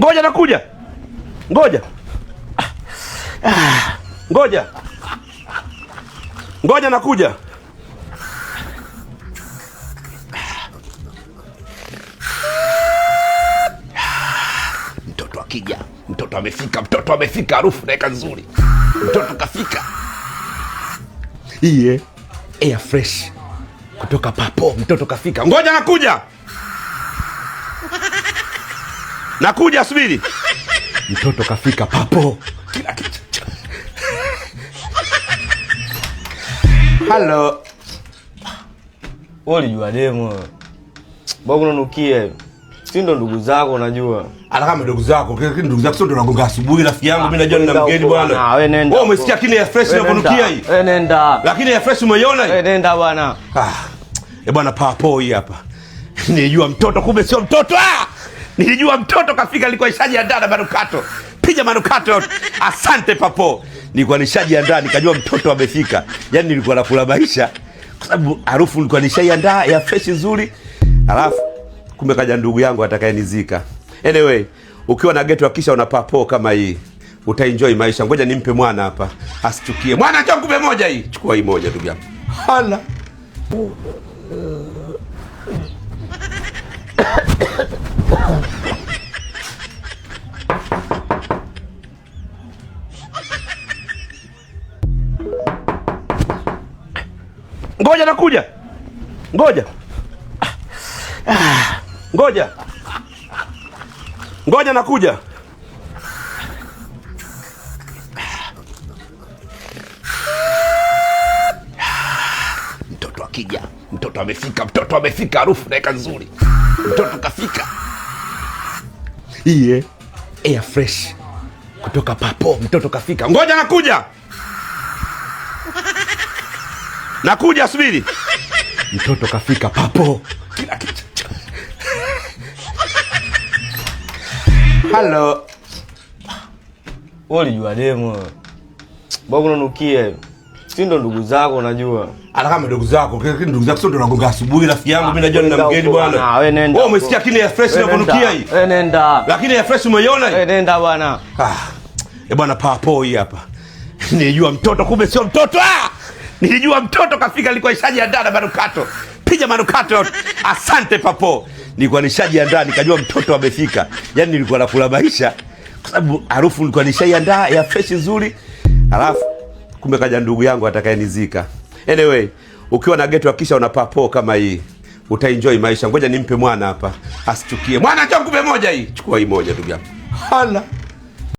Ngoja nakuja. Ngoja. Ngoja. Ngoja nakuja. mtoto amefika, mtoto amefika, harufu naeka nzuri, mtoto kafika. Iye air fresh kutoka papo, mtoto kafika, ngoja nakuja, nakuja, subiri, mtoto kafika papo, kila kitu halo, ulijua demo, mbona Si ndo ndugu zako unajua. Hata kama ndugu zako, lakini ndugu zako sio ndo nagonga asubuhi rafiki yangu mimi najua nina ah, mgeni bwana. Ah, wewe nenda. Wewe umesikia kile ya fresh inakunukia hii? Wewe nenda. Lakini ya fresh umeiona hii? Wewe nenda bwana. Ah. Eh, bwana papo hii hapa. Nilijua mtoto kumbe sio mtoto ah! Nilijua mtoto kafika alikuwa ishaji ya dada manukato. pija manukato. Asante papo. Nilikuwa ndani nikajua mtoto amefika. Yaani nilikuwa nafurahisha kwa sababu harufu nilikuwa nishaji ya nishaiandaa ya fresh nzuri. Alafu kumbe kaja ndugu yangu atakayenizika. Anyway, ukiwa na geto hakisha una papo kama hii utaenjoy maisha. Ngoja nimpe mwana hapa asichukie. Mwana njoo kumbe moja hii. Chukua hii moja ndugu yangu. Hala. Ngoja nakuja. Ngoja. Ah. ah. Ngoja ngoja, nakuja. Mtoto akija, mtoto amefika, mtoto amefika, harufu naeka nzuri, mtoto kafika. Iye air fresh kutoka papo, mtoto kafika. Ngoja nakuja, nakuja, subiri, mtoto kafika papo, kila kitu Halo. Wewe ulijua demo. Mbona unanukia? Si ndo ndugu zako unajua. Hata kama ndugu zako, kile ndugu zako sio ndo nagonga asubuhi rafiki yangu mimi najua nina mgeni bwana. Ah, Wewe nenda. Wewe umesikia kile ya fresh kunukia hii? Wewe nenda. Lakini ya fresh umeiona hii? Wewe nenda bwana. Ah. Eh, bwana papo hii hapa. Nilijua mtoto kumbe sio mtoto. Ah! Nilijua mtoto kafika alikuwa ishaji ya dada manukato. Piga manukato. Asante papo nilikuwa nishajiandaa, nikajua mtoto amefika. Yani nilikuwa nafura maisha kwa sababu harufu nilikuwa nishaiandaa ya fresh nzuri, alafu kumbe kaja ndugu yangu atakayenizika. Anyway, ukiwa na geti hakisha una papo kama hii utaenjoy maisha. Ngoja nimpe mwana hapa asichukie. Mwana njoo ngube moja hii, chukua hii moja ndugu yangu. Hala.